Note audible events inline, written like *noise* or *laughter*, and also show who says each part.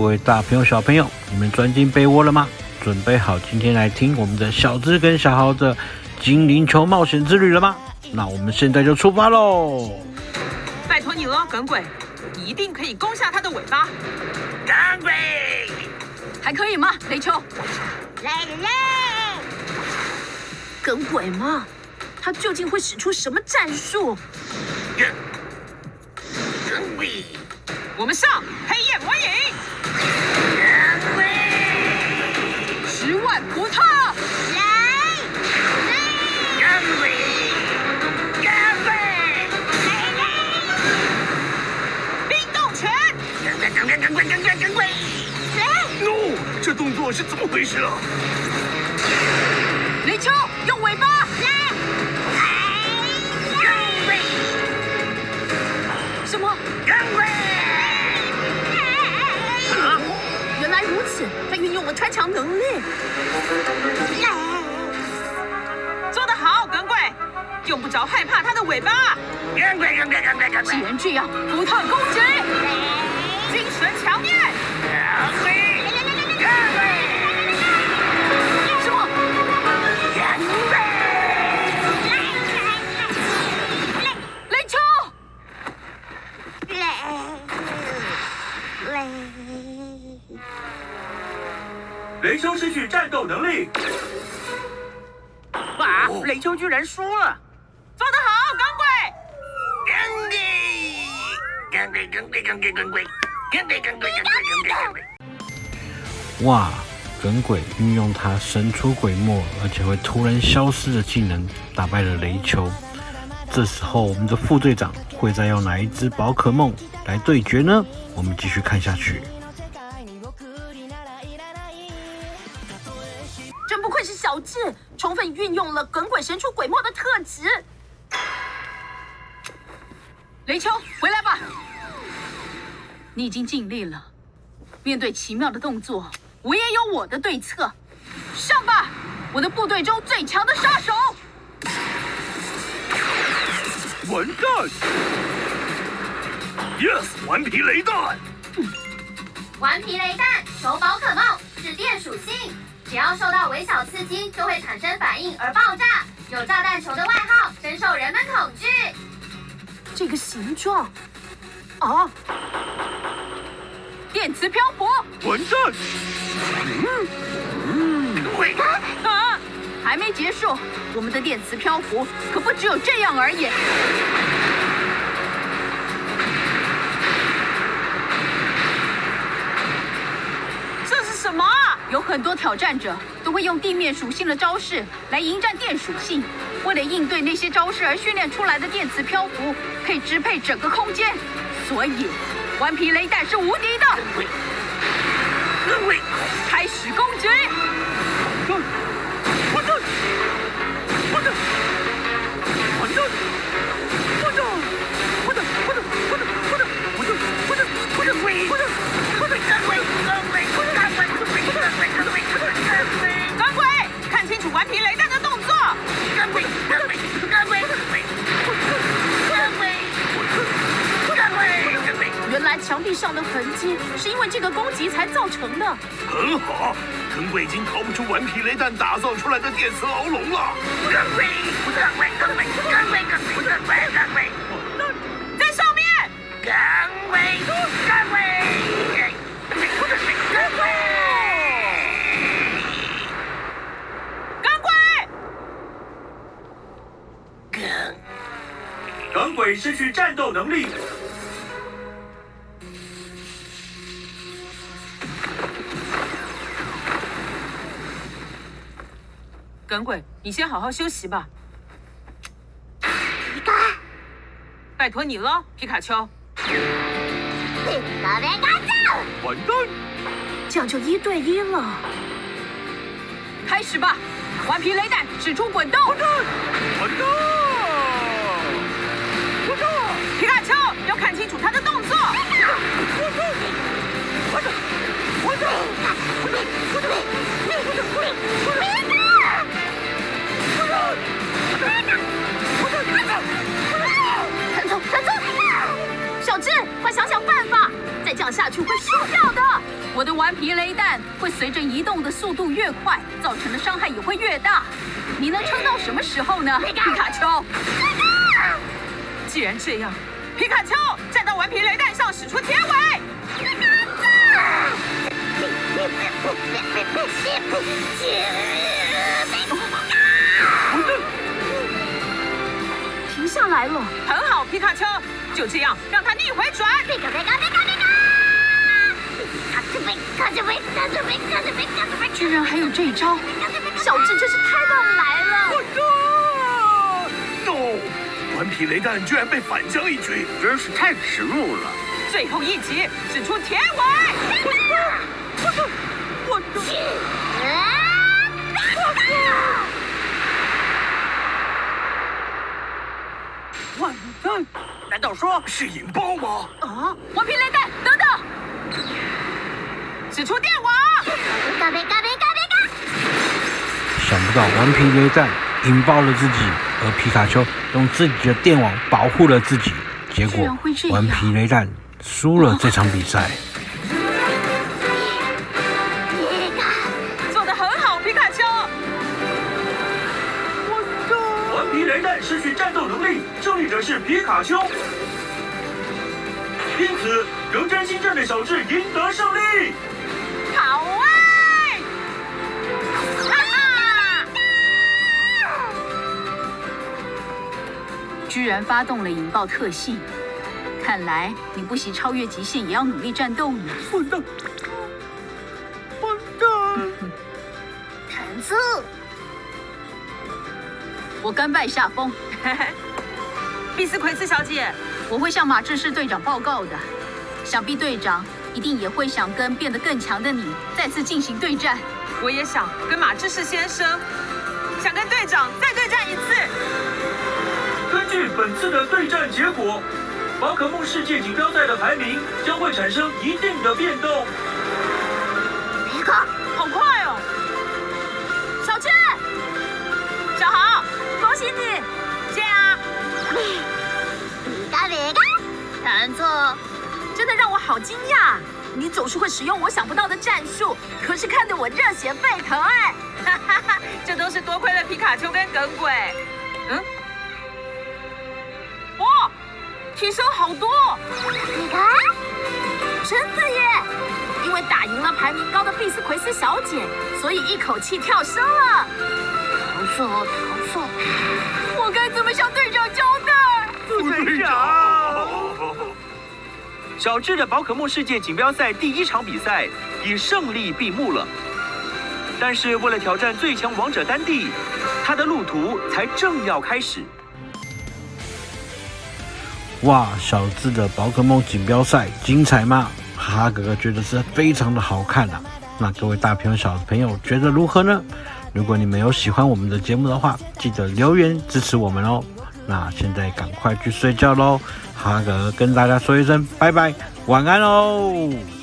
Speaker 1: 各位大朋友、小朋友，你們鑽進被窩了嗎？準備好今天來聽我們的小智跟小豪的精靈球冒險之旅了嗎？那我們現在就出發嘍！拜託你了，耿鬼，你一定可以攻下他的尾巴。耿鬼，還可以嗎？雷丘。來來了來，耿鬼嗎？他究竟會使出什麼戰術？耿鬼，我們上！是怎麼回事啊？雷丘用尾巴來！什麼？Yeah. 原來如此，他運用了穿牆能力。Yeah. 做得好，耿鬼，用不着害怕他的尾巴。既然這樣，伏特攻擊，Yeah. 精神強烈續戰鬥能力。哇！雷丘居然輸了，做得好，耿鬼！哇！耿鬼運用他神出鬼沒，而且會突然消失的技能，打敗了雷丘。這時候，我們的副隊長會再用哪一隻寶可夢來對決呢？我們繼續看下去。是，充分運用了耿鬼神出鬼沒的特質。雷丘，回來吧！你已經盡力了。面對奇妙的動作，我也有我的對策。上吧，我的部隊中最強的殺手。完蛋。y e s Yes, 頑皮雷彈。頑皮雷彈，球寶可夢，是電屬性。只要受到微小刺激，就會產生反應而爆炸，有“炸彈球”的外號，深受人們恐懼。這個形狀，啊，電磁漂浮，完蛋！嗯嗯，鬼啊！還沒結束，我們的電磁漂浮可不只有這樣而已。很多挑戰者都會用地面屬性的招式來迎戰電屬性，為了應對那些招式而訓練出來的電磁漂浮，可以支配整個空間，所以，頑皮雷彈是無敵的。開始攻擊。神經是因為這個攻擊才造成的。很好，耿鬼已經逃不出頑皮雷彈打造出來的電磁牢籠了。在上面。耿鬼，耿鬼，耿鬼，耿鬼，耿鬼，耿鬼。耿鬼，耿鬼，耿鬼，耿鬼。耿鬼。耿鬼失去戰鬥能力。耿鬼，你先好好休息吧。皮卡，拜託你了，皮卡丘。皮卡丘，完蛋，這樣就一對一了。開始吧，頑皮雷彈，使出滾動，滾動，滾動，皮卡丘要看清楚他的動作。速度越快，造成的傷害也會越大。你能撐到什麼時候呢，皮卡丘？既然這樣，皮卡丘站到頑皮雷彈上，使出鐵尾。停下來了。很好，皮卡丘，就這樣讓它逆回轉。居然還有這招，小智真是太亂來了！我操！頑皮雷彈居然被反將一軍，真是太恥辱了！最後一擊，使出鐵尾！我操！我操！頑皮雷彈，難道說是引爆嗎？啊！頑皮雷彈出電網，想不到頑皮雷彈引爆了自己，而皮卡丘用自己的電網保護了自己，結果頑皮雷彈輸了這場比賽。嗯嗯哦哦、做得很好，皮卡丘。頑皮雷彈失去戰鬥能力，勝利者是皮卡丘。因此，真新鎮的小智贏得勝利。居然發動了引爆特性，看來你不惜超越極限也要努力戰鬥呢。混蛋，混蛋，彈珠 *laughs* 斯，我甘拜下風。碧 *laughs* 斯奎斯小姐，我會向馬志士隊長報告的，想必隊長一定也會想跟變得更強的你再次進行對戰。我也想跟馬志士先生，想跟隊長再對戰。據本次的對戰結果，寶可夢世界錦標賽的排名將會產生一定的變動。皮卡，好快哦！小智小豪，恭喜你！這樣啊，你你幹啥？打人錯，真的讓我好驚訝！你總是會使用我想不到的戰術，可是看得我熱血沸騰哎！哈哈哈，這都是多虧了皮卡丘跟耿鬼。嗯。提升好多，你看，真的耶！因為打贏了排名高的碧斯奎斯小姐，所以一口氣跳升了。唐鳳，唐鳳，我該怎麼向隊長交代？隊長，小智的寶可夢世界錦標賽第一場比賽已勝利閉幕了，但是為了挑戰最強王者丹帝，他的路途才正要開始。哇，小智的寶可夢錦標賽精彩嗎？哈哥哥覺得是非常的好看的，啊。那各位大朋友、小朋友覺得如何呢？如果你們有喜歡我們的節目的話，記得留言支持我們哦。那現在趕快去睡覺嘍，哈哥哥跟大家說一聲拜拜，晚安嘍，哦。